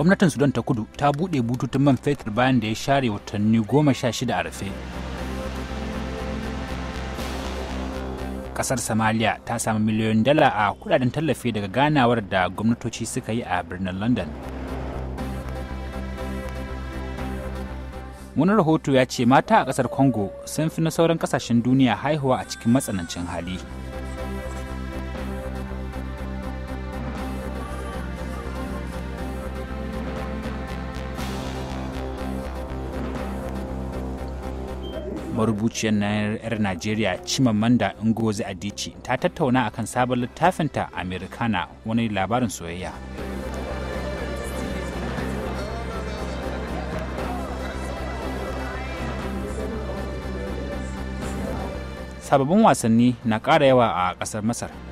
gwamnatin sudan ta kudu ta buɗe bututun man fetur bayan da ya share watanni goma sha shida a rufe kasar somalia ta samu miliyoyin dala a kudaden tallafi daga ganawar da gwamnatoci suka yi a birnin london wani rahoto ya ce mata a kasar congo sun fi na sauran kasashen duniya haihuwa a cikin matsanancin hali marubuciyar yar Najeriya Chimamanda Ngozi Adichie ta tattauna akan sabon littafinta Americana wani labarin soyayya. Sababbin wasanni na ƙara yawa a ƙasar Masar.